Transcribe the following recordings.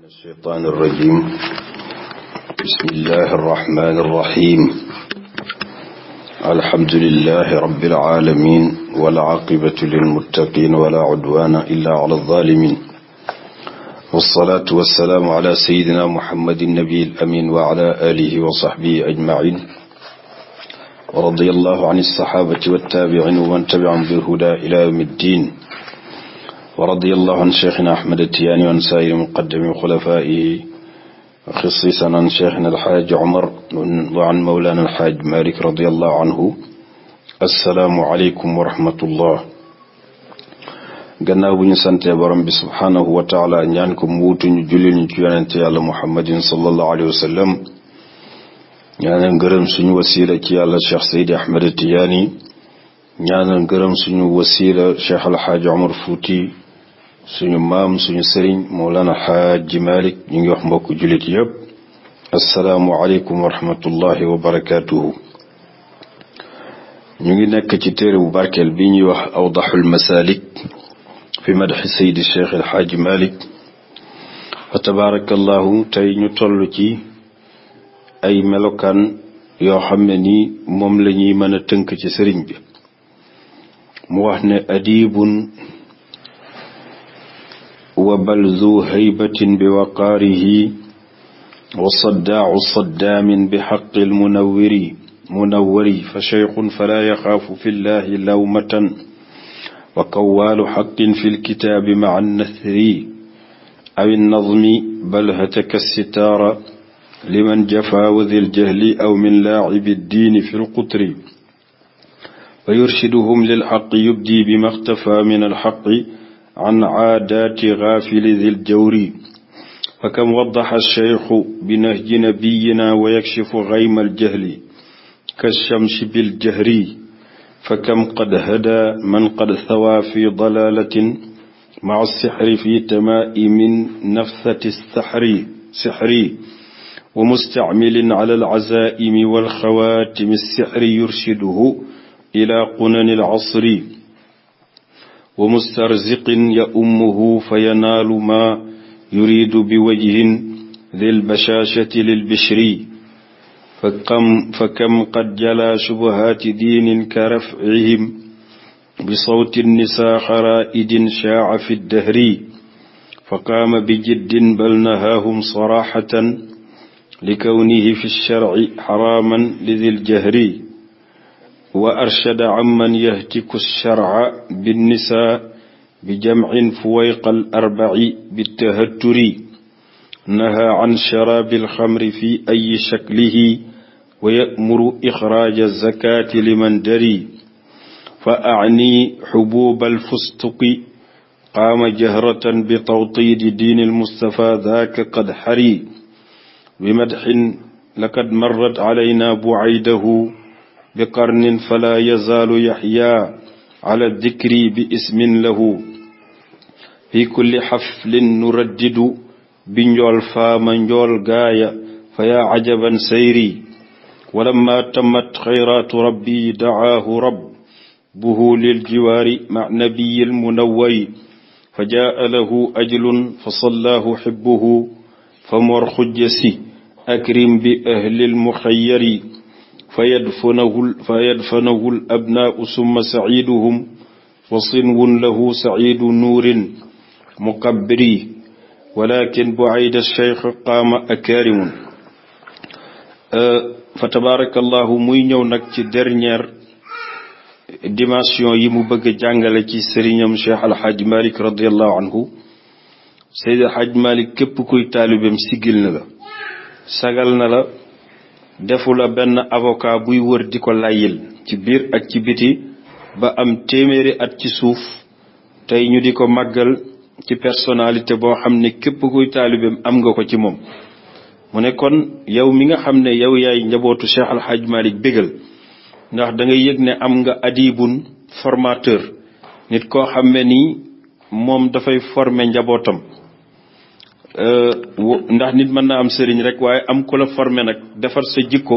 من الشيطان الرجيم بسم الله الرحمن الرحيم الحمد لله رب العالمين والعاقبة للمتقين ولا عدوان إلا على الظالمين والصلاة والسلام على سيدنا محمد النبي الأمين وعلى آله وصحبه أجمعين ورضي الله عن الصحابة والتابعين ومن تبعهم بالهدى إلى يوم الدين ورضي الله عن شيخنا أحمد التياني وعن سائر مقدم خلفائه خصيصا عن شيخنا الحاج عمر وعن مولانا الحاج مالك رضي الله عنه السلام عليكم ورحمة الله gannaaw bu ñu santee borom bi subhaanahu wa taala ñaan ko mu wutuñu julli ñu ci yonente yàlla muhammadin sallallahu alayhi wa sallam ñaanal ngërëm suñu wasiila ci yàlla cheikh seydi ahmed tiyaani ñaanal ngërëm suñu wasiila cheikh alxaaji omar fuuti suñu maam suñu sëriñ Mawlana Xaaji Malik ñu ngi wax mbokk jullit yëpp asalaamualeykum wa rahmatullahi wa barakaatuhu ñu ngi nekk ci téere bu barkeel bi ñuy wax awdaxul masalik fi madxi sayidi cheikh alxaaji Malik fa tabaarakallahu tey ñu toll ci ay melokaan yoo xam ne ni moom lañuy ñuy mën a tënk ci sëriñ bi mu wax ne adibun wa bal zu haybatin bi waqaarihi wa saddaau saddaamin bi xaqi lmunawiri munawari fa cheyqun falaa yaxaafu fi llahi lawmatan wa kawaalu xaqin fi lkitaabi maa annasri aw innazmi bal hataka sitaara liman jafa wa dil jahli aw min laacibi ddiini fi lqutri fa yurshiduhum lilxaqi yubdi bima xtafa min alxaqi عن عادات غافل ذي الجور فكم وضح الشيخ بنهج نبينا ويكشف غيم الجهل كالشمس بالجهر فكم قد هدى من قد ثوى في ضلالة مع السحر في تمائم نفثة السحر سحري ومستعمل على العزائم والخواتم السحر يرشده إلى قنن العصر wa mustarziqin ya ummuhu fa yanaalu ma yuridu bi wajhin dil bashaashati lil bishri fa kam fa kam qad jala shubuhaati diinin ka rafcihim bi sawti nisaa xaraa'idin shaaca fi dahri fa qaama bi jiddin bal nahaahum saraxatan li kawnihi fi sharci xaraaman li dil jahri wa arshada amman yahtiku sharca binnisa bi jamcin fuwayqa al arbaci bittahatturi naha an sharaabi alxamri fi ayi shaklihi wa yamuru ixraaja zakaati liman dari fa acni xubuuba alfustuqi qaama jahratan bi tawtiidi diini almustafa daaka qad xari bi madxin lakad marrat calayna bucaydahu bi qarnin fala yazaalu yaxya ala dikri bi ismin lahu fi kulli xaflin nuraddidu bi njool faama njool gaaya fa yaa cajaban sayri walamma tammat xayraatu rabbi dacaahu rabbuhu liljiwaari mac nabiyil munawwari fa jaa lahu ajlun fa sallaahu xibbuhu fa mor xujja si akrim bi ahlil muxayyari fa yadfanahu fa yadfanahu l abnaau summa saiduhum wa sinwun lahu saidu nuurin muqabbiri walakin buayda cheikh qaama akaarimun fa tabaarakallahu muy ñëw nag ci dernière dimension yi mu bëgg a jàngale ci sëriñam cheikh alxaaj malik radiallahu anhu seydi alxaaj malik képp kuy taalibeem sigil na la sagal na la defula benn avocat buy wër di ko layyil ci biir ak ci biti ba am téeméeri at ci suuf tey ñu di ko màggal ci personnalité boo xam ne képp kuy taalibeem am nga ko ci moom mu ne kon yow mi nga xam ne yow yaay njabootu Cheikh Al Hadj bégal ndax da yëg ne am nga adibun formateur nit koo xam ne nii moom dafay former njabootam Euh, ndax nit mën naa am sëriñ rek waaye am ku la formé nag defar sa jikko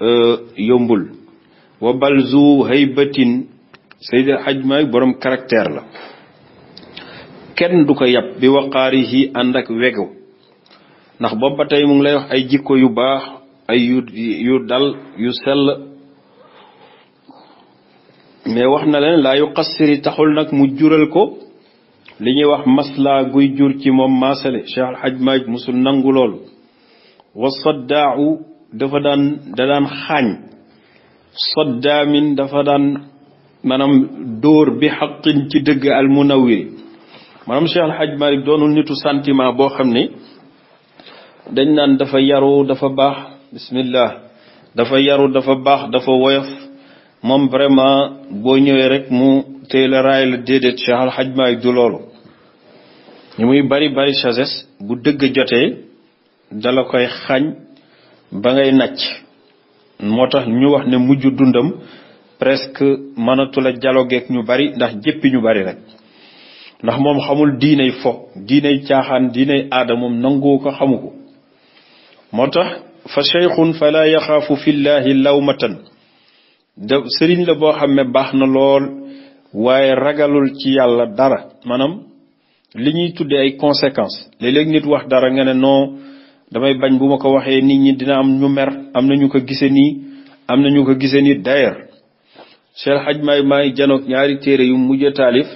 euh, yombul wa bal zu haybatin Seydi Hajj Maalik borom caractère la kenn du ko yàpp bi waqaari yi ànd ak wegu ndax boobu ba tey mu ngi lay wax ay jikko yu baax ay yu yu dal yu sell mais wax na leen laa yu xasiri taxul nag mu jural ko li ñuy wax maslaa guy jur ci moom maasale Cheikh Al maaj Malick musul nangu loolu wa saddaahu dafa daan da daan xaañ saddaamin dafa daan maanaam dóor bi xaqin ci dëgg al munawwir maanaam Cheikh Al Hadj Malick doonul nitu sentiment boo xam ne dañ naan dafa yaru dafa baax bismillah dafa yaru dafa baax dafa woyof moom vraiment boo ñëwee rek tey la raay la déedéet Cheikh Al Hadj Malick du loolu ñu muy bari bari sagesse bu dëgg jotee dala koy xañ ba ngay nàcc moo tax ñu wax ne mujj dundam presque mënatula dialoguer ak ñu bari ndax jëppi ñu bari rek ndax moom xamul diinay fo diinay caaxaan diinay aada moom nangu ko xamu ko moo tax fa cheikhun fala yaxaafu fillahi lawmatan da sëriñ la boo xam ne baax na lool waaye ragalul ci yàlla dara maanaam li ñuy tuddee ay conséquences léeg-léeg nit wax dara nga ne non damay bañ bu ma ko waxee nit ñi dina am ñu mer am na ñu ko gisee nii am na ñu ko gisee nii d'ailleurs Cheikh Hadj May May janoog ñaari téere yu mujj taalif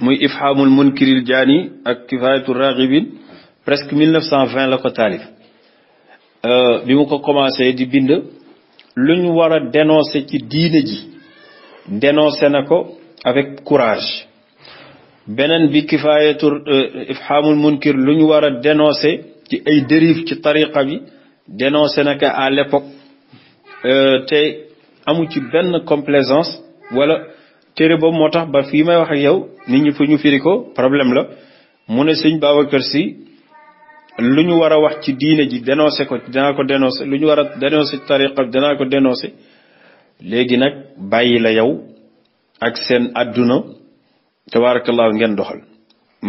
muy ifhamul munkiril jaani ak kifayatu raghibin presque 1920 la ko taalif euh, bi mu ko commencé di bind luñ war a dénoncer ci diine ji dénoncé na ko avec courage beneen bi kifaayatul euh, ifhamul munkir lu ñu war a dénoncé ci ay dérive ci tariqa bi dénoncé na ko à l'époque euh, te amu ci benn complaisance wala téere boobu moo tax ba fii may wax ak yow nit ñi fu ñu firi ko problème la mu ne sëñ kër Si lu ñu war a wax ci diine ji dénoncé ko danaa ko dénoncé lu ñu war a dénoncé ci tariqa bi danaa ko dénoncé léegi nag bàyyi la yow ak seen àdduna tabaarakallaahu ngeen doxal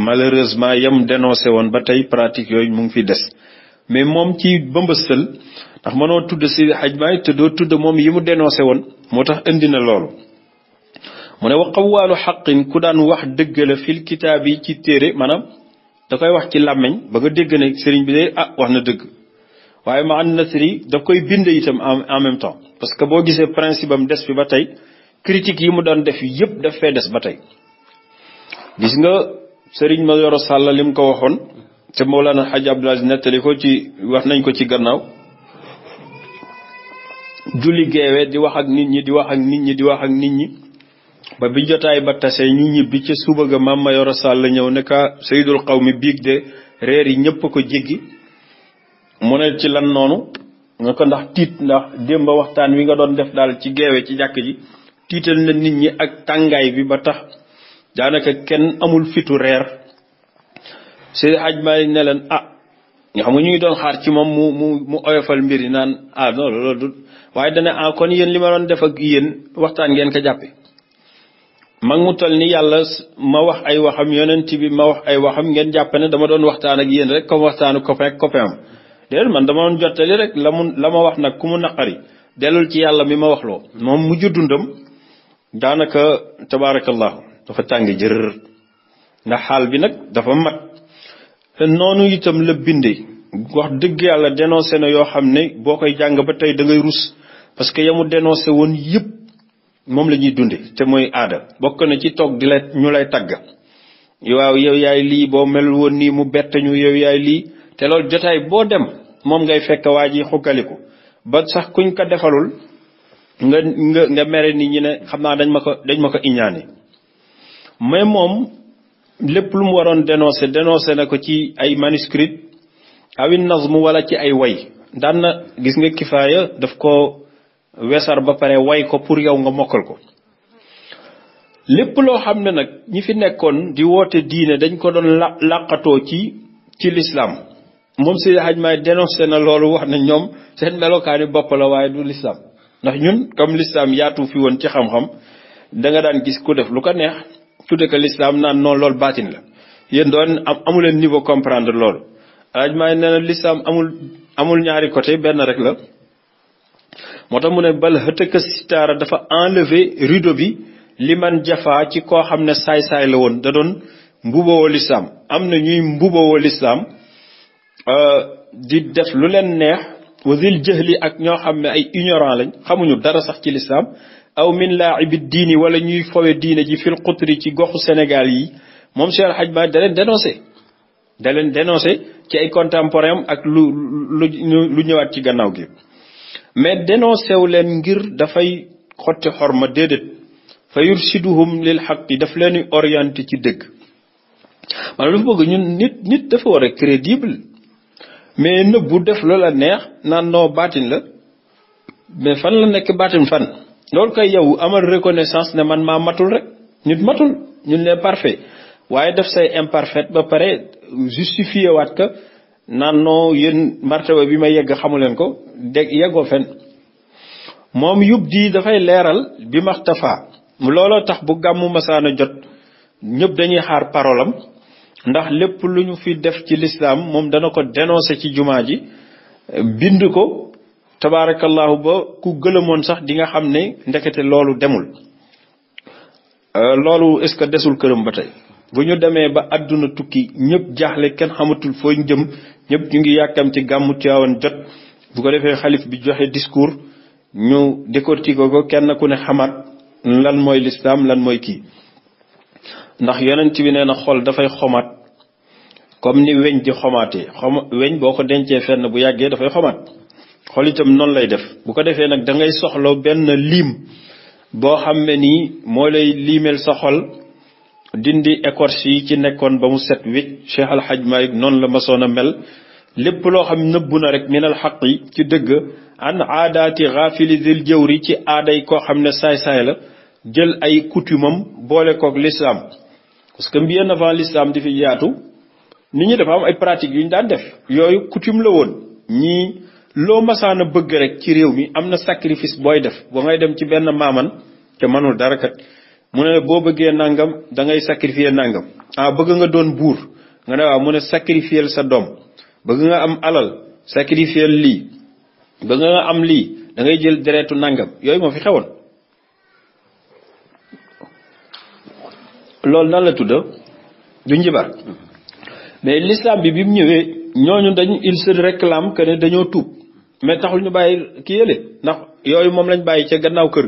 malheureusement yam dénoncé woon ba tey pratique yooyu mu ngi fi des mais moom ci bëmbëstal ndax noo tudd si xaj maay te doo tudd moom yi mu dénoncé woon moo tax indi na loolu mu ne wa qawaalu xaqin ku daan wax dëgg la fil kitaab yi ci téere maanaam da koy wax ci làmmiñ ba nga dégg ne sëriñ bi de ah wax na dëgg waaye ma an nasri daf koy bind itam en même temps parce que boo gisee principe am des fi ba tey critique yi mu doon def yëpp daf fee des ba tey gis nga sëriñ ma Sall li mu ko waxoon te Mawlana Hadj Abdoul Aziz nettali ko ci wax nañ ko ci gannaaw julli geewee di wax ak nit ñi di wax ak nit ñi di wax ak nit ñi ba bi jotaay ba tasee ñu ñibbi ci suba ga maam Mayoro Sall ñëw ne ka xaw mi biig de reer yi ñëpp ko jéggi mu ne ci lan noonu nga ko ndax tiit ndax démb waxtaan wi nga doon def daal ci geewe ci jàkk ji tiital na nit ñi ak tàngaay bi ba tax daanaka kenn amul fitu reer Seydi Hajj Maalik ne leen ah nga xam nga ñu ngi doon xaar ci moom mu mu mu oyofal mbir yi naan ah loolu du waaye dana ah kon yéen li ma doon def ak yéen waxtaan ngeen ko jàppe mag mu toll ni yàlla ma wax ay waxam yonent bi ma wax ay waxam ngeen jàpp ne dama doon waxtaan ak yéen rek comme waxtaanu copain copain am déedéet man dama doon jottali rek la mu la ma wax nag ku mu naqari dellul ci yàlla mi ma wax loo moom mujj dundam daanaka tabaarakallahu dafa tàng jër ndax xaal bi nag dafa mat noonu itam la bindee wax dëgg yàlla dénoncé na yoo xam ne boo koy jàng ba tey da ngay rus parce que yamu dénoncé woon yëpp moom la ñuy dunde te mooy aada bokk na ci toog di la ñu lay tagg waaw yow yaay lii boo mel woon nii mu bett ñu yow yaay lii te loolu jotaay boo dem moom ngay fekk waa ji xukkaliku ba sax kuñ ko defalul nga nga nga mere nit ñi ne xam naa dañ ma ko dañ ma ko iñaane mais moom lépp lu mu waroon dénoncé dénoncé na ko ci ay manuscrits awin mu wala ci ay way daan na gis nga kifaaya daf ko wesar ba pare way ko pour yow nga mokkal ko lépp loo xam ne nag ñi fi nekkoon di woote diine dañ ko doon làqatoo ci ci lislaam moom si xaj maay dénoncé na loolu wax na ñoom seen melokaani bopp la waaye du lislaam ndax ñun comme lislaam yaatu fi woon ci xam-xam da nga daan gis ku def lu ko neex tudde ko lislaam naan noonu loolu baatin la yéen doon am amuleen niveau comprendre loolu xaj maay nee na lislaam amul amul ñaari côté benn rek la moo tax mu ne bal xëtëka sitaara dafa enlever rideau bi li man jafaa ci koo xam ne saay-saay la woon da doon mbubawoo lislaam am na ñuy mbubawoo lislaam Euh, di def lu leen neex wasil jëhli ak ñoo xam ne ay ignorant lañ xamuñu dara sax ci listam aw min laa'ibi diini wala ñuy fowe diine ji fil xutri ci goxu Sénégal yi moom Cheikh Al Hadj Ba da leen dénoncé da leen ci ay contemporain ak lu lu ñëwaat ci gannaaw gi mais dénoncé leen ngir dafay xotti ma déedéet fa yursiduhum lil xaqi daf leen orienté ci dëgg maanaam dafa bëgg ñun nit nit dafa war a crédible mais nëb bu def loola neex naan noo baatin la mais fan la nekk baatin fan loolu koy yow amal reconnaissance ne man maa matul rek nit matul ñun ne parfait waaye def say imparfait ba pare justifié waat ka naan noo yéen martaba bi ma yegg xamu leen ko dégg yeggoo fen moom yub di dafay leeral bi maxtafa looloo tax bu gàmmu masaana jot ñëpp dañuy xaar parolam ndax lépp lu ñu fi def ci lislaam moom dana ko dénoncé ci jumaa ji bind ko tabaarakallahu ba ku gëlëmoon sax di nga xam ne ndekete loolu demul euh, loolu est-ce que desul këram ba tey bu ñu demee ba àdduna tukki ñëpp jaaxle kenn xamatul fooy jëm ñëpp ñu ngi yàkkam ci gàmmu Tiwaawan jot bu ko defee xalif bi joxe discours ñu décortiquer ko kenn ku ne xamaat lan mooy lislaam lan mooy kii ndax yonent bi nee na xol dafay xomaat comme ni weñ di xomaatee xom weñ boo ko dencee fenn bu yàggee dafay xomaat xol noonu lay def bu ko defee nag dangay soxloo benn liim boo xam ne nii moo lay liimeel sa xol dindi écorce ci nekkoon ba mu set wecc Cheikh xaj Hadj Malick noonu la masoon a mel lépp loo xam nëbbu na rek minal xaq yi ci dëgg an aadaati xaafili dil jëwri ci aaday koo xam ne saay-saay la jël ay coutume am boole kook lislaam parce que bien avant l'islam di fi jaatu nit ñi dafa am ay pratiques yu ñu daan def yooyu coutume la woon ñii loo masaan a bëgg rek ci réew mi am na sacrifice booy def boo ngay dem ci benn maaman te manul dara kat mu ne boo bëggee nangam da ngay sacrifier nangam ah bëgg nga doon buur nga ne waaw mu ne sacrifier sa doom bëgg nga am alal sacrifier lii bëgg nga am lii dangay jël deretu nangam yooyu moo fi xewoon. loolu nan la tudd du njibar mais l'islam bi bi mu ñëwee ñooñu dañu il se réclame que ne dañoo tuub mais taxul ñu bàyyi kii yële ndax yooyu moom lañ bàyyi ca gannaaw kër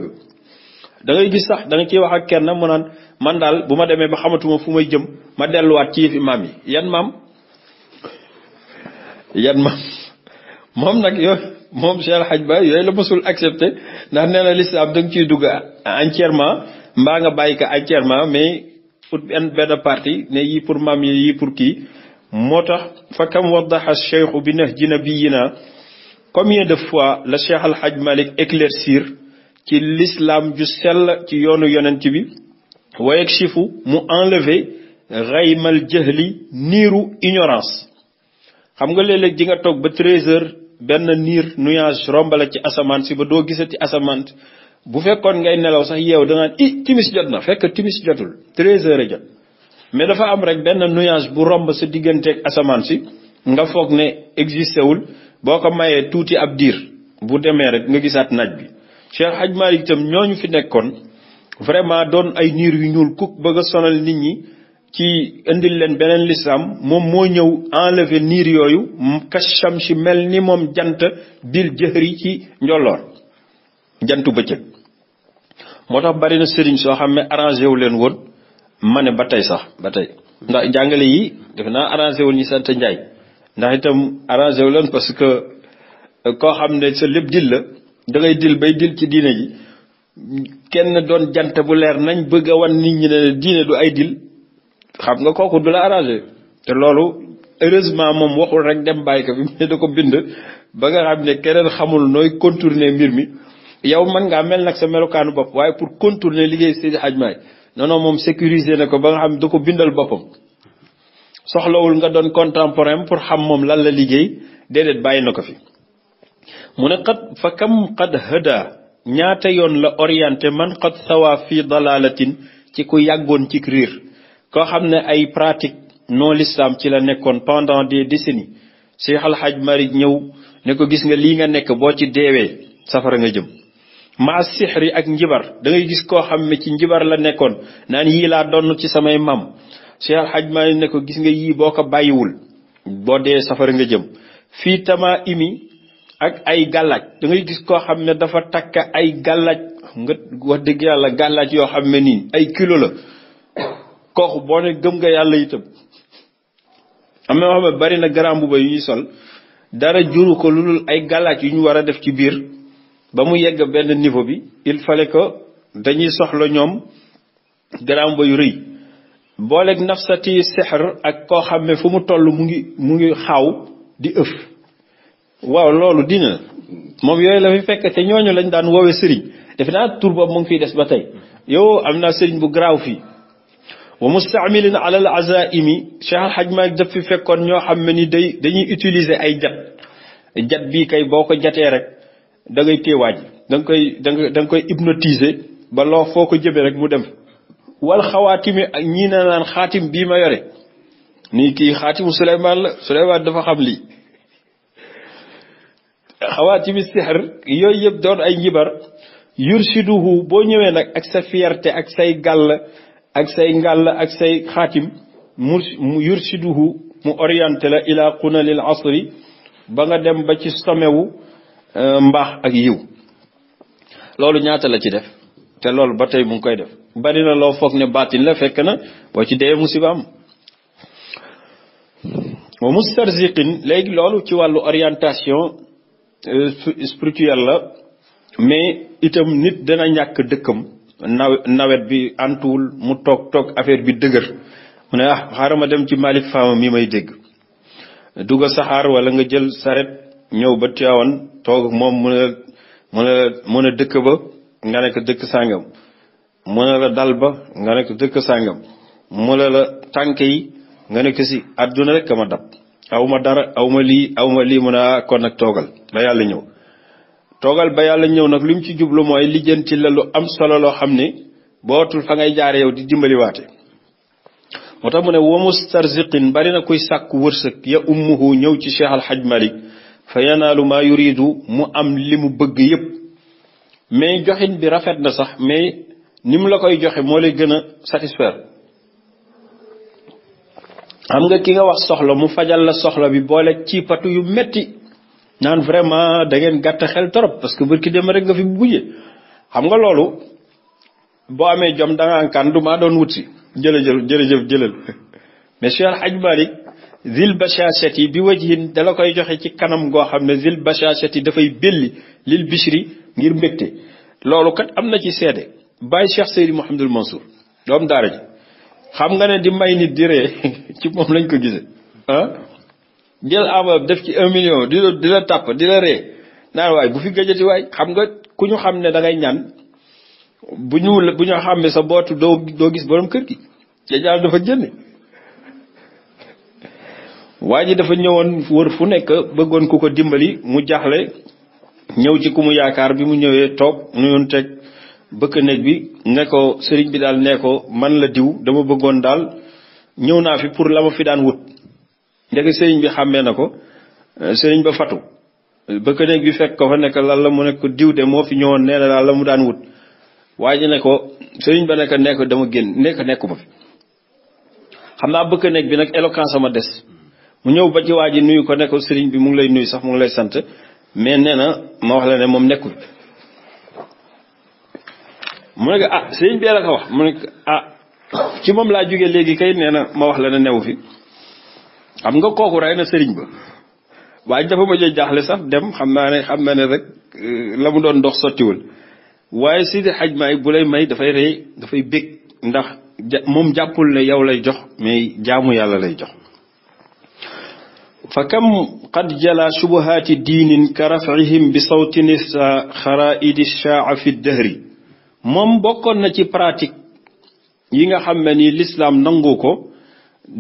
ga da gis sax danga nga wax ak kenn mu naan man daal bu ma demee ba xamatuma fu may jëm ma delluwaat ci yëfi maam yi yan maam yan maam moom nag yooyu moom Cheikh Hadj Ba yooyu la mosul accepté ndax nee na lislaam da ciy dugg entièrement mbaa nga bàyyi ko entièrement mais pour benn benn parti ne yii pour maam yii pour kii moo tax fa kam waddaxa cheikhu bi nahji nabiyina combien de fois la cheikh alhaj malik éclaircir ci l'islam ju sell ci yoonu yonent bi wayeg chifu mu enlevé raymal jëhli niiru ignorance xam nga léeg-léeg nga toog ba 13 benn niir nuage rombala ci asamaan si ba doo gisati asamaan bu fekkoon ngay nelaw sax yeew danaan i timis jot na fekk timis jotul treize heures a jot mais dafa am rek benn nuage bu romb sa digganteeg asamaan si nga foog ne existé wul boo ko mayee tuuti ab diir bu demee rek nga gisaat naaj bi Cheikh Hadj Malick itam ñooñu fi nekkoon vraiment doon ay niir yu ñuul kuk bëgg sonal nit ñi ci indi leen beneen lislaam moom moo ñëw enlever niir yooyu kacham si mel ni moom jant bil jëhri ci njolloor jantu bëccëg moo tax bari na sëriñ soo xam ne arrangé wu leen woon ma ne ba tey sax ba tey ndax jàngale yi defe naa arrangé wul ñu sant njaay ndax itam arrangé wu leen parce que euh, koo xam ne sa lépp dil la dangay ngay dil bay dil ci diine ji kenn doon jant bu leer nañ bëgg a wan nit ñi ne diine du ay dil xam nga kooku du la arrangé te loolu heureusement moom waxul rek dem bàyyi ko bi mu ne da ko bind ba nga xam ne keneen xamul nooy contourner mbir mi yow man ngaa mel nag sa melokaanu bopp waaye pour contourner liggéey si Hadj Maalik non moom sécuriser na ko ba nga xam da ko bindal boppam soxlawul nga doon contemporain pour xam moom lan la liggéey déedéet bàyyi na ko fi mu ne xat fa kam xat hëda ñaata yoon la orienté man xat sawa fii dalalatin ci ku yàggoon ci riir koo xam ne ay pratique non l'islam ci la nekkoon pendant de décennies Cheikh Al Hadj Malick ñëw ne ko gis nga lii nga nekk boo ci deewee safara nga jëm ma sixri ak njibar da gis koo xam ne ci njibar la nekkoon naan yii laa donn ci samay maam Cheikh ak Hadj Malick ne ko gis nga yii boo ko bàyyiwul boo dee safara nga jëm fii tama imi ak ay gàllaaj da gis koo xam ne dafa takk ay gàllaaj nga dëgg yàlla gàllaaj yoo xam ne nii ay kilo la kooku boo ne gëm nga yàlla itam am na yoo xam ne bari na garaam ba yu sol dara juru ko lu dul ay gàllaaj yu ñu war a def ci biir ba mu yegg benn niveau bi il fallait que dañuy soxla ñoom garaam yu rëy booleeg nafsati sexr ak koo xam ne fu mu toll mu ngi mu ngi xaw di ëf waaw loolu dina moom yooyu la fi fekk te ñooñu lañu daan woowe sëriñ defe naa tur boobu mu ngi fiy des ba tey yow am naa sëriñ bu garaaw fii wa mustaamilin ala al azaimi Cheikh Al Hadj Malick daf fi fekkoon ñoo xam ne ni day dañuy utiliser ay jat jat bii kay boo ko jatee rek da ngay téewaaj da koy da nga koy hypnotiser ba loo foo ko jëmee rek mu dem wal xawaatimi ak ñii na naan xaatim bii ma yore nii kii xaatimu Souleymane la Souleymane dafa xam lii xawaatimi sixr yooyu yëpp doon ay njibar yursiduhu boo ñëwee nag ak sa fierté ak say gàll ak say ngàll ak say xaatim mu yursiduhu mu orienté la ila qunalil asri ba nga dem ba ci sommet Euh, mbaax ak yiw loolu ñaata la ci def te loolu ba tey mu ngi koy def bari na loo foog ne baatin la fekk na boo ci dee musiba am wa mustarziqin léegi loolu ci wàllu orientation euh, spirituelle la mais itam nit dana ñàkk dëkkam nawet bi antuwul mu toog toog affaire bi dëgër mu ne ah xaaral ma dem ci Malick Fama mi may dégg dugg saxaar wala nga jël saret ñëw ba Tiwaawan toog moom mu ne la mu ne la dëkk ba nga nekk dëkk sàngam mu ne la dal ba nga nekk dëkk sàngam mu ne la tànk yi nga nekk si àdduna rek ma dab aw ma dara aw ma lii aw ma lii mu a ah, kon nag toogal ba yàlla ñëw toogal ba yàlla ñëw nag li mu ci jublu mooy lijjanti la lu am solo loo xam ne bootul fa ngay jaare yow di dimbaliwaate moo tax mu ne wa mustarziqin bari na kuy sàkk wërsëg ya ummuhu ñëw ci Cheikh xaj Hadj fa yanaalu maa yuridu mu am li mu bëgg yépp mais joxin bi rafet na sax mais ni mu la koy joxe moo lay gën a satisfaire xam nga ki nga wax soxla mu fajal la soxla bi boole ci patu yu metti naan vraiment da ngeen gàtt xel trop parce que ki dem rek nga fi bujje xam nga loolu boo amee jom da ngaa kan du maa doon wut jëla jëlëjël jërëjëf jëlal mais Cheikh Hadj zil bashashati bi wajhin dala koy joxe ci kanam goo xam ne zil bashashati dafay belli lil bishri ngir mbégte loolu kat am na ci seede bàyyi Cheikh Seydi Mouhamadul Mansour doom daara ji xam nga ne di may nit di ree ci moom lañ ko gise ah jël def ci un million di la di la tàpp di la ree naan waay bu fi gëjati waay xam nga ku ñu xam ne da ngay ñaan bu ñu bu ñu xàmmee sa bootu doo doo gis borom kër gi te daal dafa jënd waa ji dafa ñëwoon wër fu nekk bëggoon ku ko dimbali mu jaaxle ñëw ci ku mu yaakaar bi mu ñëwee toog nuyoon teg bëkk bi ne ko sëriñ bi daal nee man la diw dama bëggoon daal ñëw naa fi pour la ma fi daan wut ndeke sëriñ bi xàmmee na ko eh, sëriñ ba fatu bëkk néeg bi fekk ko fa nekk lan la mu nekk ko diw de moo fi ñëwoon nee na daal la mu daan wut waa ne ko sëriñ ba ne nekk dama génn nekk ko nekkuma fi xam naa bëkk néeg bi nag éloquence sama des mu ñëw ba ci waa ji nuyu ko ne sëriñ bi mu ngi lay nuyu sax mu lay sant mais nee na ma wax la ne moom nekkul mu nekk ko ah sëriñ bi la ko wax mu ne ko ah ci moom laa jógee léegi kay nee na ma wax la ne new fi xam nga kooku rey na sëriñ ba waaye dafa ma jël jaaxle sax dem xam naa ne xam naa ne rek euh, la mu doon ndox sottiwul waaye Sidi Hadj Maay bu lay may dafay rey dafay bég ndax moom jàppul ne yow lay jox mais jaamu yàlla lay jox fa kam qad jala shubuhaati diinin ka rafihim bi sawtini sa xaraidi shaa fi dëhri moom bokkoon na ci pratique yi nga xam ne ni lislaam nangu ko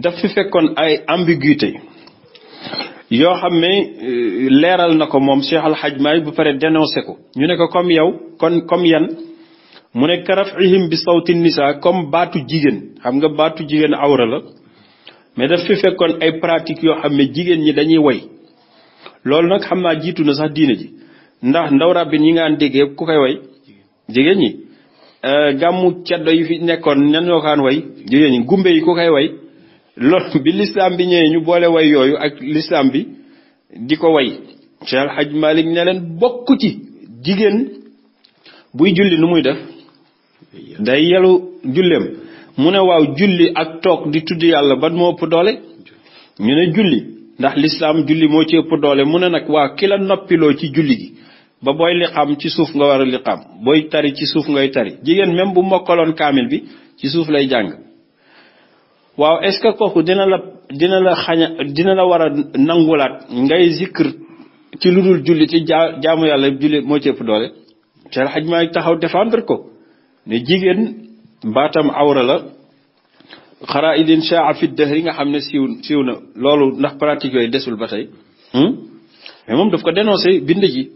daf fi fekkoon ay ambiguïté yoo xam ne euh, leeral na ko moom Cheikh xaj Hadj Maay bu pare dénoncé ko ñu ne ko comme yow kon comme yan mu ne ka rafihim bi sawti nisaa comme baatu jigéen xam nga baatu jigéen awra la mais daf fi fekkoon ay pratique yoo xam ne jigéen ñi dañuy woy loolu nag xam naa jiitu na sax diine ji ndax ndaw rabbin yi ngaan déggee ku koy way jigéen ñi euh, gàmmu ceddo yi fi nekkoon ñan ñoo kaan way jigéen ñi gumbe yi ku koy way loolu bi lislaam bi ñëwee ñu boole way yooyu ak lislaam bi di ko way Cheikh Al Hadj Malick ne leen bokk ci jigéen buy julli nu muy def day yelu julleem mu ne waaw julli ak toog di tudd yàlla ban moo ëpp doole ñu ne julli ndax lislaam julli moo ci ëpp doole mu ne nag waa ki noppiloo ci julli gi ba booy liqaam ci suuf nga war a liqaam booy tari ci suuf ngay tari jigéen même bu mokkaloon kaamil bi ci suuf lay jàng waaw est-ce que kooku dina la dina la xaña dina la war a nangulaat ngay zikr ci lu dul julli ci jaamu yàlla julli moo ci ëpp doole Cheikh Hadj Malick taxaw défendre ko ne jigéen baatam awra la xaraa idin shaa fi dëhri nga xam ne siiw siiw na loolu ndax pratique yooyu desul ba tey hmm? mais moom daf ko dénoncé bind ji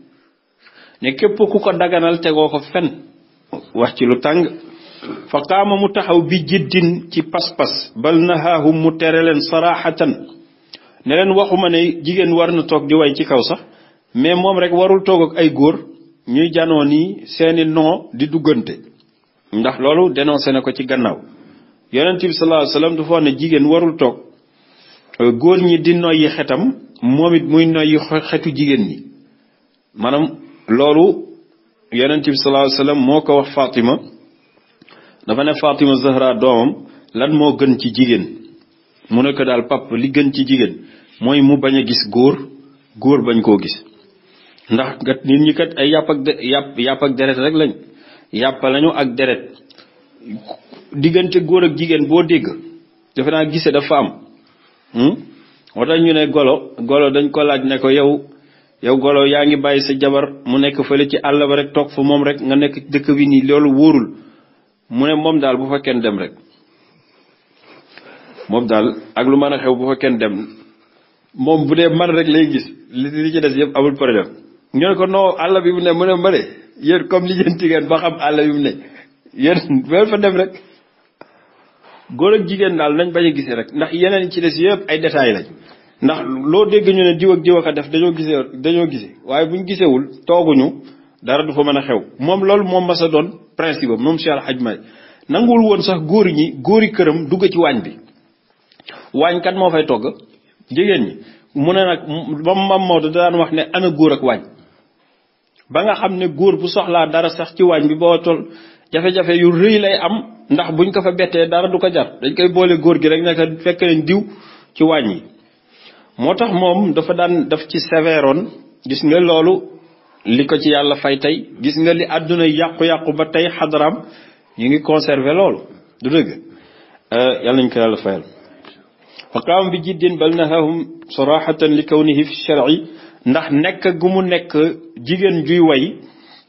ne képp ku ko daganal tegoo ko fen wax ci lu tàng fa qaama mu taxaw bi jiddin ci pas-pas bal nahaahum mu tere leen saraxatan ne leen waxuma ne jigéen war na toog di way ci kaw sax mais moom rek warul toog ak ay góor ñuy janoo nii seeni noo di duggante ndax loolu dénoncé na ko ci gannaaw yonent bi sallallahu alayhi wasallam dafa wax ne jigéen warul toog euh, góor ñi di noyyi xetam moom it muy noyyi xetu jigéen ñi maanaam loolu yonent bi sallallahu alayhi moo ko wax Fatima dafa ne Fatima Zahra doomam lan moo gën ci jigéen mu ne ko daal pap li gën ci jigéen mooy mu bañ a gis góor góor bañ koo gis ndax kat nit ñi kat ay yàpp ak yàpp yàpp ak deret rek lañ yàpp lañu ak deret diggante góor ak jigéen boo dégg defe naa gise dafa am hmm? moo tax ñu ne golo golo dañ ko laaj ne ko yow yow golo yaa ngi bàyyi sa jabar mu nekk fële ci àll ba rek toog fa moom rek nga nekk dëkk bi nii loolu wóorul mu ne moom daal bu fa kenn dem rek moom daal ak lu mën a xew bu fa kenn dem moom bu dee man rek lay gis li li ci des yëpp amul problème ñu ne ko non àll bi mu ne mu ne ma yéen comme li jënti ba xam àll yu mu ne yéen wel fa dem rek góor ak jigéen daal nañ bañ a gisee rek ndax yeneen ci des yëpp ay détails lañ ndax loo dégg ñu ne diw ak diw ak def dañoo gisee dañoo gisee waaye buñ giseewul tooguñu dara du fa mën a xew moom loolu moom mas a doon principe am moom Cheikh Al Hadj May nanguwul woon sax góor ñi góori këram dugg ci waañ bi waañ kat moo fay togg jigéen ñi mu ne nag moom da daan wax ne ana góor ak waañ ba nga xam ne góor bu soxlaa dara sax ci waañ bi boo tol jafe-jafe yu rëy lay am ndax buñ ko fa bettee dara du ko jar dañ koy boole góor gi rek nekk fekk nañ diw ci waañ yi moo tax moom dafa daan daf ci sévéroon gis nga loolu li ko ci yàlla fay tey gis nga li àdduna yàqu-yàqu ba tey xadaraam ñu ngi conservé loolu du dëgg euh, yàlla nañ ko yàlla fayal faqaam bi jiddin bal nahahum saraxatan li kawnihi fi sharci ndax nekk gu mu nekk jigéen juy way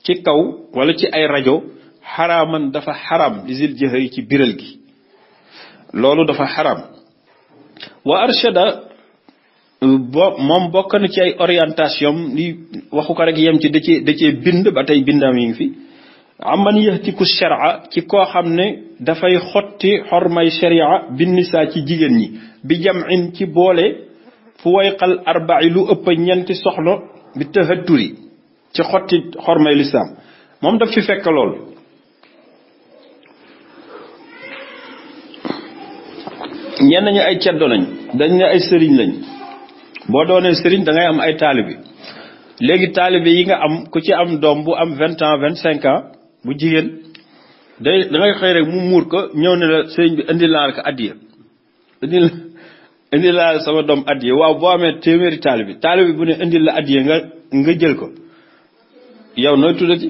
ci kaw walla ci ay rajo xaraaman dafa xaraam lisil jëhëri ci biral gi loolu dafa xaraam wa arshada moom bokk na ci ay orientation li waxu ko rek yem ci da cee da cee bind ba tey bindam yi ngi fi aman yëxtiku sharia ci koo xam ne dafay xotti xormay sharia binnisaa ci jigéen ñi bi jam in ci boole fuwayqal arba'i lu ëpp ñeenti soxla bi tahatturi ci xotti xormay lislaam moom daf fi fekk loolu ñenn ñi ay ceddo nañ dañ ne ay sëriñ lañ boo doonee sëriñ da ngay am ay taalibi léegi taalibi yi nga am ku ci am doom bu am vingt ans vingt cinq ans bu jigéen day da ngay xëy rek mu muur ko ñëw ne la sëriñ bi indi laa ko addiya indi indil laa sama doom addiya waaw boo amee téeméeri taalibi taalibi bu ne indil la addiya nga nga jël ko yow nooy tuddati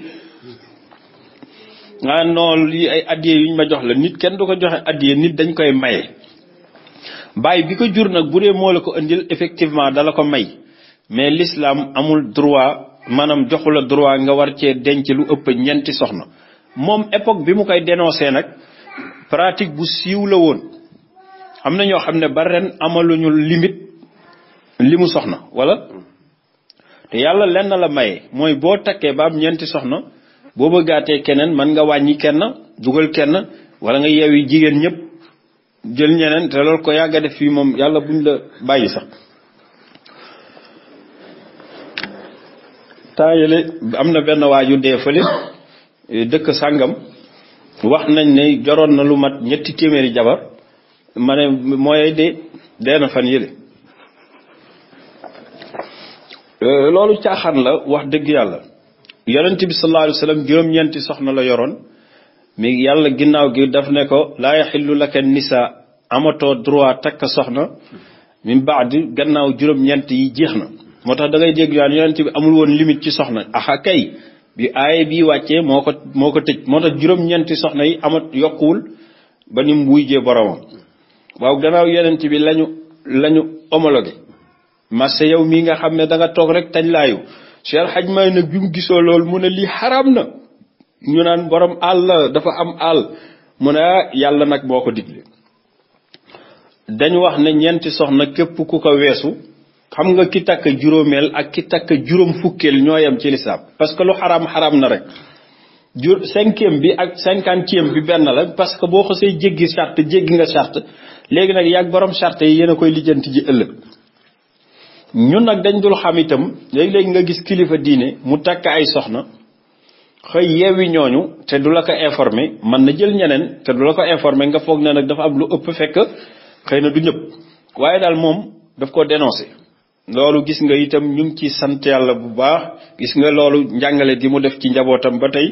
nga noonu lii ay addiya yuñ ma jox la nit kenn du ko joxe addiya nit dañ koy maye bàyyi bi ko jur nag bu dee moo la ko indil effectivement dala ko may mais lislaam amul droit maanaam joxu la droit nga war cee denc lu ëpp ñeenti soxna moom époque bi mu koy dénoncé nag pratique bu siiw la woon am na ñoo xam ne ba ren amaluñu limite li mu soxna wala te yàlla lenn la maye mooy boo takkee ba am ñeenti soxna boo bëggaatee keneen man nga wàññi kenn dugal kenn wala nga yeewi jigéen ñépp jël ñeneen te loolu ko yàgga def fii moom yàlla buñ la bàyyi sax taayale am na benn waaju dee fële dëkk sàngam wax nañ ne joroon na lu mat ñetti téeméeri jabar mane ne mooy de dee na fan yële euh, loolu caaxaan la wax dëgg yàlla yonent bi sallallahu alayhi wa soxna la yoroon mi yàlla ginnaaw gi daf ne ko laa yaxillu laka nisa amatoo droit takk soxna baax di gannaaw juróom-ñeent yi jeex na moo tax dangay ngay dégg yaan yonent bi amul woon limit ci soxna aha kay bi aaye bii wàcce moo ko moo ko tëj moo tax juróom-ñeenti soxna yi amat yokkuwul ba ni mu boromam waaw gannaaw yenent bi lañu lañu homologué marché yow mii nga xam ne danga toog rek tañ laayu Cheikh Hadj May nag bi mu gisoo loolu mu ne lii xaraam na ñu naan borom àll dafa am àll mu ne ah, yàlla nag boo ko digle dañu wax ne ñeenti soxna képp ku ko weesu xam nga ki takk juróomeel ak ki takk juróom fukkeel ñooyam ci lislaam parce que lu xaraam xaraam na rek jur cinquième bi ak cinquantième bi benn la parce que boo xasee jéggi charte jéggi nga charte léegi nag yàgg borom charte yi yéen a koy lijjanti ji ëllëg ñun nag dañ dul xam itam léegi nga gis kilifa diine mu takk ay soxna xëy yeewi ñooñu te du la ko informé man na jël ñeneen te du la ko informé nga foog na nag dafa am lu ëpp fekk xëy na du ñëpp waaye daal moom daf ko dénoncé loolu gis nga itam ñu ci sant yàlla bu baax gis nga loolu njàngale di mu def ci njabootam ba tey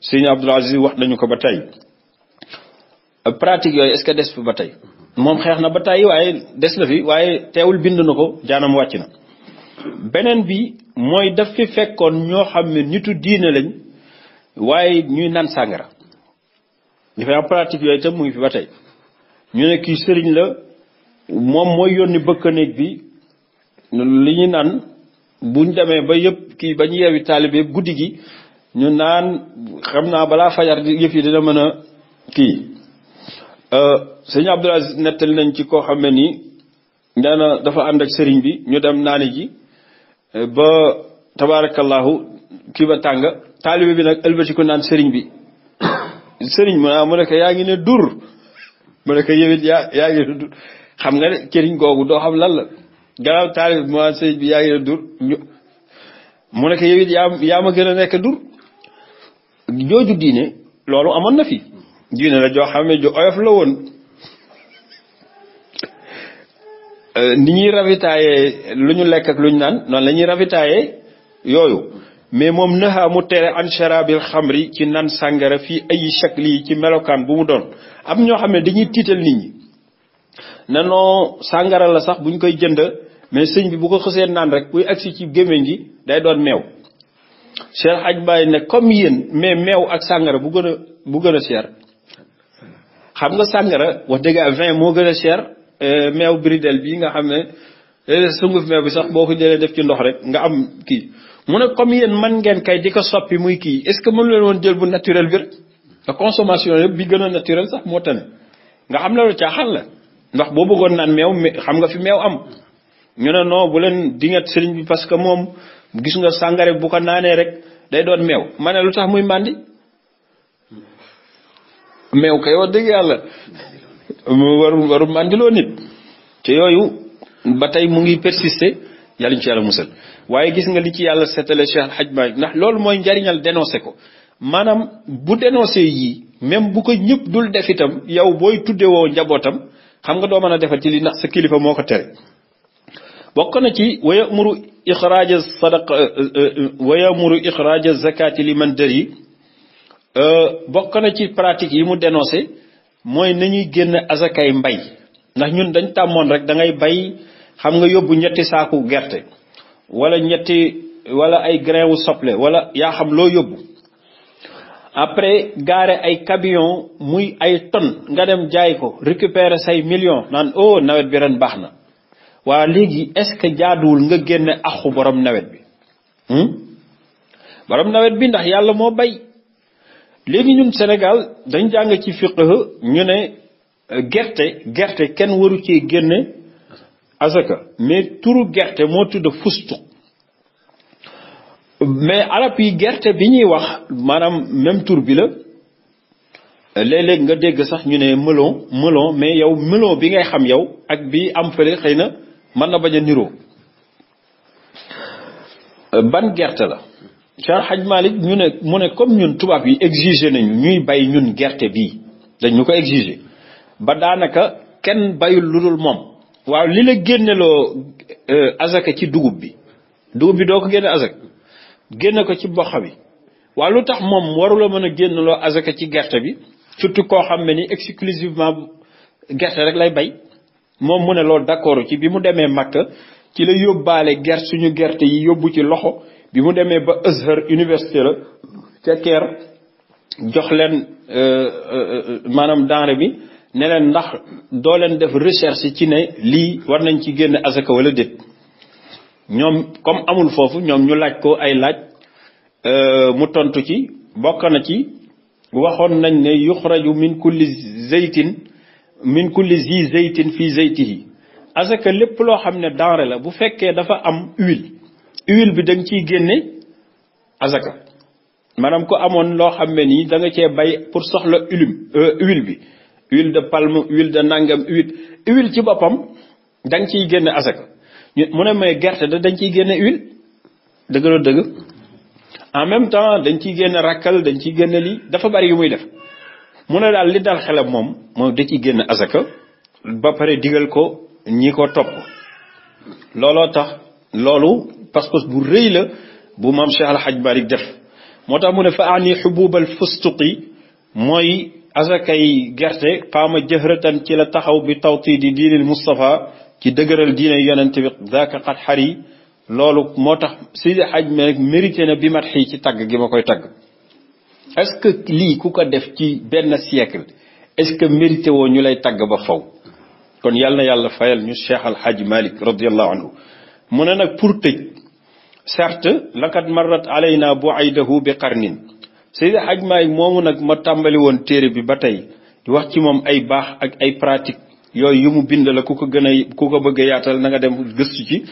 sëñ Abdoul Aziz wax nañu ko ba tey pratique yooyu est des fi ba tey moom xeex na ba tey waaye des na fi waaye teewul bind na ko jaanam wàcc na beneen bi mooy daf fi fekkoon ñoo xam ne nitu diine lañ waaye ñuy naan sàngara dafay am pratique yooyu itam mu ngi fi ba tey ñu ne kii sëriñ la moom mooy yónni néeg bi li ñu naan buñ demee ba yëpp kii ba ñu yeewi taalibe guddi gi ñu naan xam naa balaa fajar yëf yi dina mën kii euh, sëñ nettali nañ ci koo xam ne nii nee na dafa ànd sëriñ bi ñu dem naani ji euh, ba tabaarakallaahu kii ba tàng taalibe bi nag ëlbatiku naan sëriñ bi sëriñ mu naa mu ne ko yaa ngi ne dur mu ne ko yëwit yaa yaa ngi ne dur xam nga ne këriñ doo xam lan la gannaaw taalibe bi mu naan yaa ma gën a nekk dur jooju diine loolu amoon na fi diine la joo xam ne ju oyof la woon euh, ni ñuy ravitaayee lu ñu lekk ak lu ñu naan noonu la ñuy ravitaayee yooyu mais moom naxa mu tere an sharabil xamri ci nan sàngara fii ay shakli yi ci melokaan bu mu doon am ñoo xam ne dañuy tiital nit ñi nanoo sàngara la sax bu ñu koy jënd mais sëñ bi bu ko xësee naan rek buy agsi ci gémmiñ gi day doon meew Cheikh Hadj Baye ne comme yéen mais meew ak sàngara bu gën a bu gën a cher xam nga sàngara wax dëgg vin moo gën a cher euh, meew bridel bii nga xam ne léeg-léeg euh, sunguf meew bi sax boo ko jëlee def ci ndox rek nga am kii mu ne comme yéen man ngeen kay di ko soppi muy kii est ce que mënu leen woon jël bu naturel bi rek la consommation yëpp bi gën a naturel sax moo tane nga xam ne lu caaxaan la ndox boo bëggoon naan meew xam nga fi meew am ñu ne non bu leen dingat sëriñ bi parce que moom gis nga sàngare bu ko naanee rek day doon meew ma ne lu tax muy màndi meew kay wax dëgg yàlla waru waru màndiloo nit ci yooyu ba tey mu ngi persister yàlla ñu ci yàlla musal waaye gis nga li ci yàlla seetale Cheikh Hadj Malick ndax loolu mooy njariñal dénoncé ko maanaam bu dénoncé yii même bu ko ñëpp dul def itam yow booy tuddee woo njabootam xam nga doo mën a defar ci li ndax sa kilifa moo ko tere bokk na ci wa yamuru ixraaja sadaqa euh, euh, euh, wa yamuru ixraaja zakati li man dër yi bokk na ci pratique yi mu dénoncé mooy ñuy génn azakay mbay ndax ñun dañ tàmmoon rek da ngay bay xam nga yóbbu ñetti saaku gerte wala ñetti wala ay grain wu soble wala yaa xam loo yóbbu après gaare ay camion muy ay tonnes nga dem jaay ko récupérer say millions naan oh nawet bi ren baax na waa léegi est-ce que jaaduwul nga génne axu borom nawet bi hmm? borom nawet bi ndax yàlla moo bay léegi ñun Sénégal dañ jàng ci fiqh ñu ne euh, gerte gerte kenn waru ci génne asaka mais turu gerte moo tudd fustu mais arab yi gerte bi ñuy wax maanaam même tur bi la léeg-léeg nga dégg sax ñu ne melon melon mais yow melon bi ngay xam yow ak bi am fële xëy na man na bañ a niroo ban gerte la Cheikh Hadj Malick ñu ne mu ne comme ñun tubaab yi exiger nañu ñuy bay ñun gerte bi dañu ñu ko exiger ba daanaka kenn bayul lu dul moom waaw li la génneloo euh, azaka ci dugub bi dugub bi doo ko génne azaka génne ko ci mboq bi waaw lu tax moom warula mën a génneloo azaka ci gerte bi surtout koo xam ne ni exclusivement gerte rek lay bay moom mu ne loolu d'accord ci bi mu demee Makka ci la yóbbaale gert suñu gerte yi yóbbu ci loxo bi mu demee ba Azhar université la ca Caire jox leen euh, euh, maanaam denrée bi ne leen ndax doo leen def recherche ci ne lii war nañ ci génn asaka wala déet ñoom comme amul foofu ñoom ñu laaj ko ay laaj euh, mu tontu ci bokk na ci waxoon nañ ne yuxraju min kulli zeytin min kulli zi zeytin fii zeytihi asaka lépp loo xam ne denrée la bu fekkee dafa am huile huile bi da nga ciy génne asaka maanaam ko amoon loo xam ne nii da nga cee bay pour soxla huile euh, huile bi huile de palme huile de nangam huile huile ci boppam da nga ciy génne asaka mu ne may gerte da dañ ciy génne huile dëgg la dëgg en même temps dañ ciy génne rakkal dañ ciy génne lii dafa bari yu muy def mu ne daal li dal xelam moom moom da ci génn asaka ba pare digal ko ñi ko topp looloo tax loolu pas bu rëy la bu maam Cheikh Al Hadj Malick def moo tax mu ne fa ani xububal fustuqi mooy asakay gerte paama jëhratan ci la taxaw bi tawti di diinil Moustapha ci dëgëral diine yonent bi daaka xat xar yi loolu moo tax Seydi Hadj Malick mérité na bi mat xii ci tagg gi ma koy tagg est-ce que lii ku ko def ci benn siècle est-ce que mérité woo ñu lay tagg ba faw kon yàlla na yàlla fayal ñu Cheikh Al Hadj Malick anhu mu ne nag pour tëj certes lakat marrat alayna bu aydahu bi qarnin Seydi Hadj Malick moomu nag ma tàmbali woon téere bi ba tey di wax ci moom ay baax ak ay pratique yooyu yu mu bind la ku ko gën a ku ko bëgg yaatal nanga nga dem gëstu ci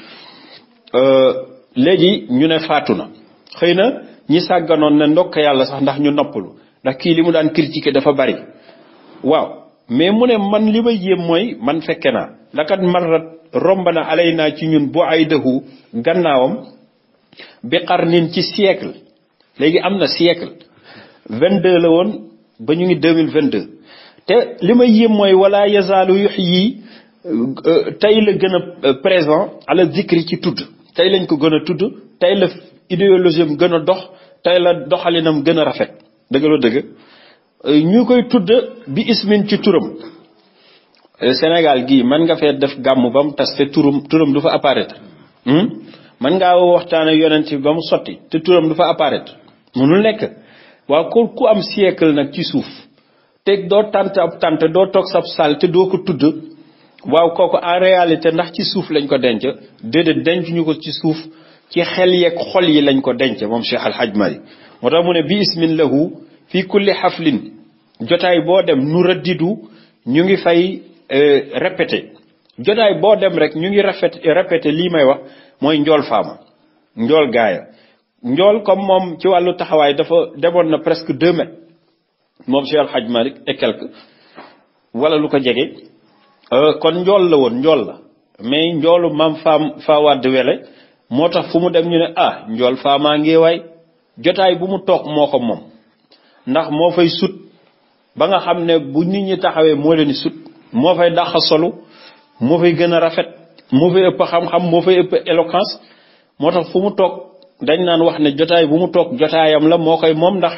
euh, léegi ñu ne faatu na xëy na ñi sàgganoon ne ndokk yàlla sax ndax ñu noppalu ndax kii li mu daan critiquer dafa bari waaw mais mu ne man li ma yéem mooy man fekke naa lakat marrat romb na yi naa ci ñun boo ay dëxu gannaawam bi qarnin ci siècle léegi am na siècle vingt deux la woon ba ñu ngi deux mille vingt deux te li may yéem mooy wala yazaalu yux yii euh, tey la gën a euh, présent ala zikri ci tudd tey lañ ko gën a tudd tey la idéologie am gën a dox tey la doxalinam gën a rafet dëgg la dëgg euh, ñu koy tudd bi ismin ci turam euh, Sénégal gii mën nga fee def gàmm ba mu tas te turam turam du fa apparaître hmm? mën ngaa waxtaan ak yonent ba mu sotti te turam du fa apparaître nekk waaw kon ku am siècle nag ci suuf te doo tànt ab tànt doo toog sab sal te doo ko tudd waaw kooku en réalité ndax ci suuf lañ ko denc déedéet denc ñu ko ci suuf ci xel yeeg xol yi lañ ko denc moom Cheikh Al Hadj Mari moo tax mu ne bi ismin lahu fii kulli xaflin jotaay boo dem nu rëddidu ñu ngi fay euh, répété jotaay boo dem rek ñu ngi rafet répété lii may wax mooy njool faama njool gaaya njool comme moom ci wàllu taxawaay dafa demoon na presque deux mètres moom Cheikh Al Hadj Mari et quelque wala lu ko jege euh, kon njool la woon njool la mais njoolu maam faam faawaad wele moo tax fu mu dem ñu ne ah njool faamaa ngi waay jotaay bu mu toog moo ko moom ndax moo fay sut ba nga xam ne bu nit ñi taxawee moo leen sut moo fay dàq solu moo fay gën a rafet moo fay ëpp xam-xam moo fay ëpp éloquence moo tax fu mu toog dañ naan wax ne jotaay bu mu toog jotaayam la moo koy moom ndax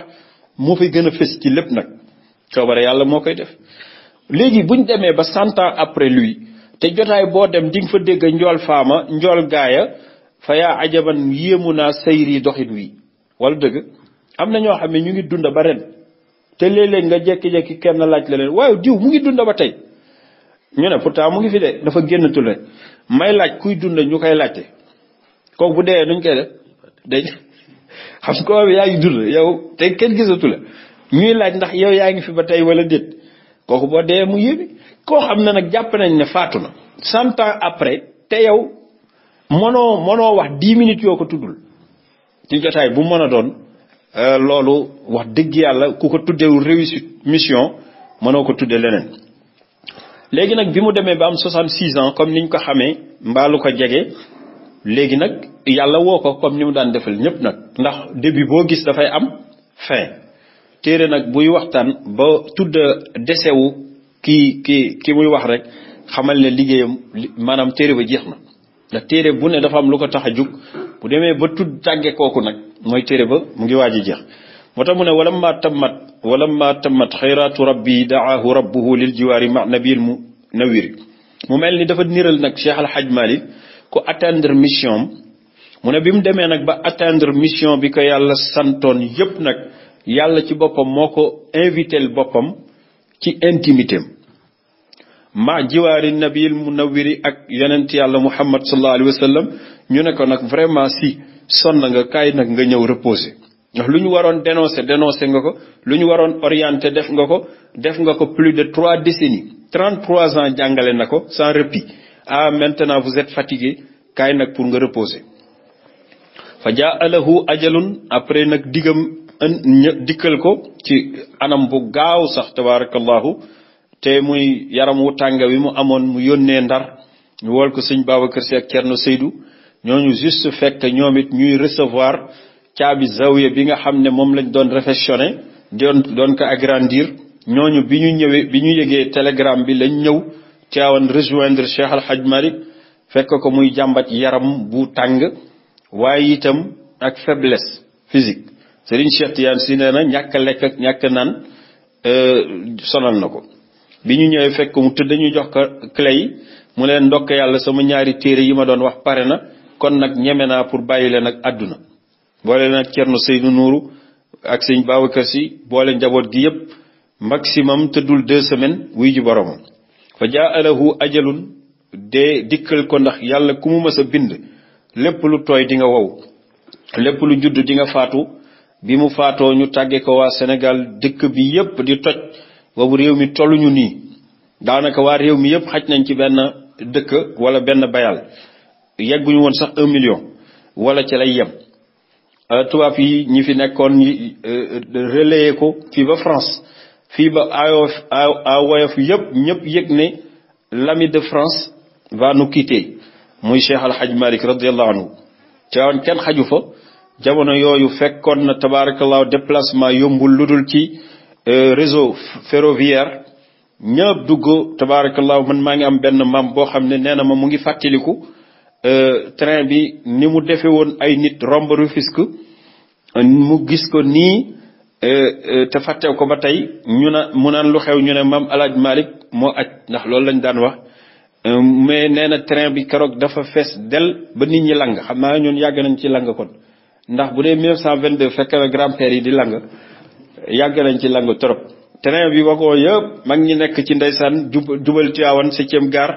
moo fay gën a fës ci lépp nag coobare yàlla moo koy def léegi buñ demee ba cent après lui te jotaay boo dem di nga fa dégg njool faama njool gaaya fa yaa ajaban yéemu naa sayri doxin wi wala dëgg am na ñoo xam ne ñu ngi dunda ba ren te léeg-léeg nga jekki-jekki kenn laaj la leen waaye diw mu ngi dunda ba tey ñu ne pourtant mu ngi fi de dafa génnatul rek may laaj kuy dunda ñu koy laajte kooku bu dee nuñ xam ko yaa ngi dund yow te kenn gisatu la ñuy laaj ndax yow yaa ngi fi ba tey wala kooku boo dee mu yébi koo xam ne nag jàpp nañ ne faatu na cent ans après te yow mënoo mënoo wax dix minutes yoo ko tuddul ci jotaay bu mën a doon euh, loolu wax dëgg yàlla ku ko tuddewul réussite mission mënoo ko tudde leneen léegi nag bi mu demee ba am 66 ans comme ni ñu ko xamee mbaalu ko jege léegi nag yàlla woo ko comme ni mu daan defal ñëpp nag ndax début boo gis dafay am fin téere nag buy waxtaan ba tudd desewu ki ki ki muy wax rek xamal ne liggéeyam maanaam téere ba jeex na ndax téere bu ne dafa am lu ko tax a jug bu demee ba tudd tàgge kooku nag mooy téere ba mu ngi waaj a jeex moo tax mu ne wala ma tammat wala ma tammat xayraatu rabbi daahu rabbuhu lil jiwaari ma nabil mu nawiri mu mel ni dafa niral nag Cheikh Al Hadj Malick ku atteindre mission mu ne bi mu demee nag ba atteindre mission bi ko yàlla santoon yëpp nag yàlla ci boppam moo ko invité boppam ci intimité ma jiwaari nabil munawwiri ak yonent yàlla muhammad sallallahu alayhi wa sallam ñu ne ko nag vraiment si sonn nga kaay nag nga ñëw reposer ndax lu ñu waroon dénoncer dénoncer nga ko lu ñu waroon orienter def nga ko def nga ko plus de trois décennies trente trois ans jàngale na ko sans répit ah maintenant vous êtes fatigué kaay nag pour nga reposer fa jaa alahu ajalun après nag digam dikkal ko ci anam bu gaaw sax tabarakallahu te muy yaram wu tàng wi mu amoon mu yónnee ndar ñu wol ko sëñ Babacar Si ak Cerno Seydou ñooñu juste fekk ñoom it ñuy recevoir caabi zawiya bi nga xam ne moom lañ doon réfectionné doon doon ko agrandir ñooñu bi ñu ñëwee bi ñu yëgee télégramme bi lañ ñëw Tiwaawan rejoindre Cheikh Al Hadj Malick fekk ko muy jàmbat yaram bu tàng waaye itam ak faiblesse physique Serigne Cheikh Tidiane si nee na ñàkk a lekk ak naan euh, sonal na ko bi ñu ñëwee fekk mu tëdd dañu jox ko clé yi mu leen ndokk yàlla sama ñaari téere yi ma doon wax pare na kon nag ñeme naa pour bàyyi leen ak àdduna boole na Cerno Seydou Nourou ak sëñ Babacar Si boole njaboot gi yëpp maximum tëddul deux semaines wuy ji boromam fa jaa alahu ajalun de dikkal ko ndax yàlla ku mu mës a bind lépp lu tooy di nga wow lépp lu judd dinga faatu bi mu faatoo ñu tàggee ko waa senegal dëkk bi yëpp di toj boobu réew mi tolluñu nii daanaka waa réew mi yëpp xaj nañ ci benn dëkk wala benn bayal yegguñu woon sax un million wala ci lay yem euh, tubaab yi ñi fi nekkoon ñi euh, euh, relayé ko fii ba France fii ba ayof awoyof yëpp ñëpp yëg ne l'ami de France va nous muy Cheikh Al Hadj Malick radiallahu anhu teewoon kenn xaju fa jamono yooyu fekkoon na tabarakallahu déplacement yombul ludul ci Euh, réseau ferroviaire ñëpp dugg tabaarakallah man maa ngi am benn maam boo xam ne nee na ma mu ngi fàttaliku euh, train bi ni mu defe woon ay nit romb Rufisque mu gis ko nii euh, te fàttew ko ba tey ñu na mu naan lu xew ñu ne maam alaaj marik moo aj ndax loolu lañ daan wax mais nee na train bi keroog dafa fees del ba nit ñi lang xam naa ñoon yàgg nañ ci lang kon ndax bu dee 1922 fekk na grand-père yi di lang yàgg nañ ci langu trop terrain bi waxoo yëpp mag ñi nekk ci ndeysaan jubal jubal Tiwaawan septième gare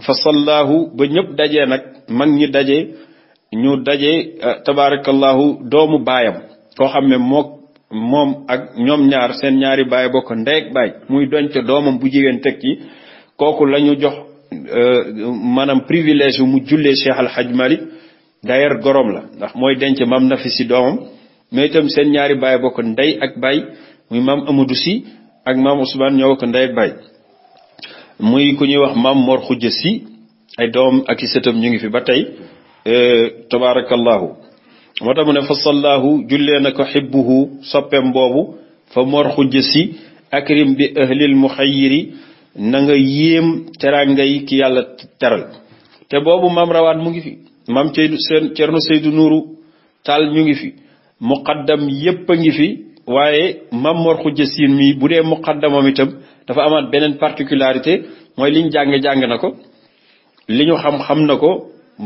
fa sallahu ba ñëpp dajee nag mag ñi daje ñu daje eh, tabaarakallahu doomu baayam koo xam ne mook moom ak ñoom ñaar seen ñaari baay ko ndeeg baay muy donte doomam bu jigéen teg ci kooku la ñu jox eh, maanaam privilège mu jullee Cheikh Al Hadj Malick gorom la ndax mooy denc mam na fi si doomam mais itam seen ñaari baay bokk ndey ak baay muy maam Amadou si ak maam Ousmane ñoo bokk ndey ak baay muy ku ñuy wax maam Mor Khoudia si ay doom ak i ñu ngi fi ba tey e, tabaarakallahu moo tax mu ne fa sallahu jullee na ko xibbuhu soppeem boobu fa Mor Khoudia si akrim bi ahlil muxayiri na nga yéem teranga yi ki yàlla teral te boobu maam rawaan mu ngi fi maam Seydou Cerno Seydou Nourou Tall ñu ngi fi muqaddam yépp a ngi fi waaye Mamor Khoudia Sine mii bu dee muqaddamam itam dafa amaat beneen particularité mooy liñ jàng-jàng na ko li ñu xam-xam na ko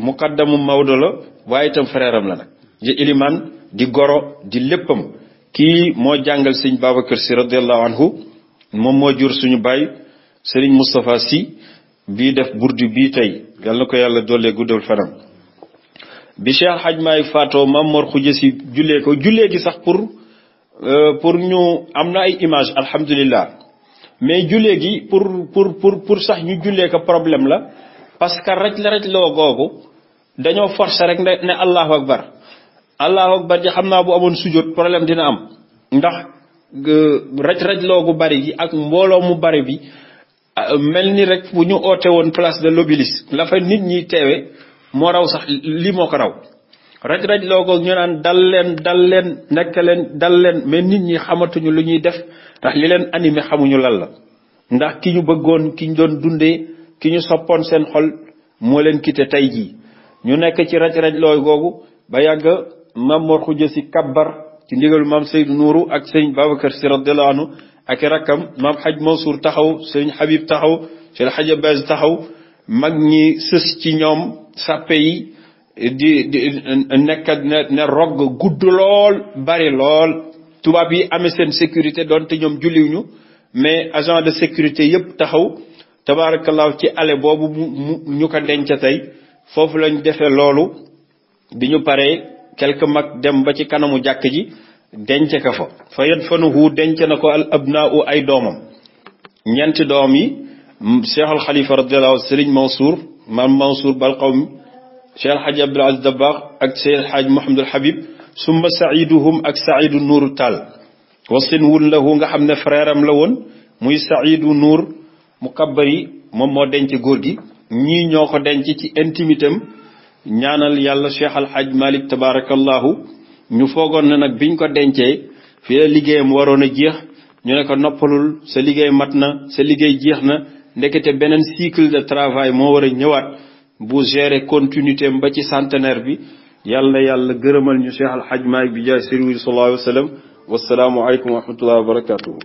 muqaddamu Maodo la waaye itam frère la nag di iliman di goro di léppam kii moo jàngal sëñ Babacar si radiallahu anhu moom moo jur suñu baay sëriñ Moustapha si bii def burdu bii tey yal na ko yàlla doole guddal fanam bi Cheikh Al Hadj faatoo Maam Mor Khoudia si jullee ko jullee gi sax pour euh, pour ñu am na ay image alhamdulilah mais jullee gi pour pour pour pour sax ñu jullee ko problème la parce que raj la raj loo googu dañoo forcer rek ne allahu bar allahu akbar ji xam naa bu amoon sujjóot problème dina am ndax euh, raj raj loo gu bari gi ak mbooloo mu bari bi euh, mel ni rek bu ñu oote woon place de l'Obélisque la nit ñi teewe moo raw sax lii moo ko raw raj-raj loo ko ñu naan dal leen dal leen nekk leen dal leen mais nit ñi xamatuñu lu ñuy def ndax li leen animé xamuñu lan la ndax ki ñu bëggoon ki ñu doon dundee ki ñu soppoon seen xol moo leen quitté tey jii ñu nekk ci raj-raj loo googu ba yàgg mam Mor Khoudia si kabbar ci ndigalu maam seen Nourou ak sëñ Babacar si radiyallahu anhu ak i rakkam maam Hadj Mansour taxaw sëñ Habib taxaw sëñ Hadj taxaw mag ñi sës ci ñoom. sappe yi di di nekk ne rogg gudd lool bari lool tubaab yi amee seen sécurité doonte ñoom ñu mais agent de sécurité yëpp taxaw tabaarakallaahu ci ale boobu mu ñu ko dence tey foofu lañu defee loolu bi ñu paree quelque mag dem ba ci kanamu jàkk ji dence ka fa fa yet fanuhu denc na ko al abnaa ay doomam ñeenti doom yi Cheikh al Khalifa radiyallahu Serigne Mansour maam Mansour bal qawmi Cheikh El Hadj Abdoul Aziz Dabakh ak Cheikh El Hadj Mouhamadul Habib summa saiduhum ak saidu nuuru taal wasin wun lahu nga xam ne frère la woon muy sa saidu nuur mu kabbari moom moo dence góor gi ñii ñoo ko denc ci intimité am ñaanal yàlla Cheikh El Hadj Malick tabarakallahu ñu foogoon na nag biñ ko dencee fii la liggéeyam waroon a jeex ñu ne ko noppalul sa liggéey mat na sa liggéey jeex na ndekete beneen cycle de travaay moo war a ñëwaat bu gérer continuité ba ci centenaire bi yàlla na yàlla gërëmal ñu Cheikh Al Hadj bi jaay sëriñ bi sallallahu alayhi wa sallam aleykum wa rahmatullahi wa barakatuhu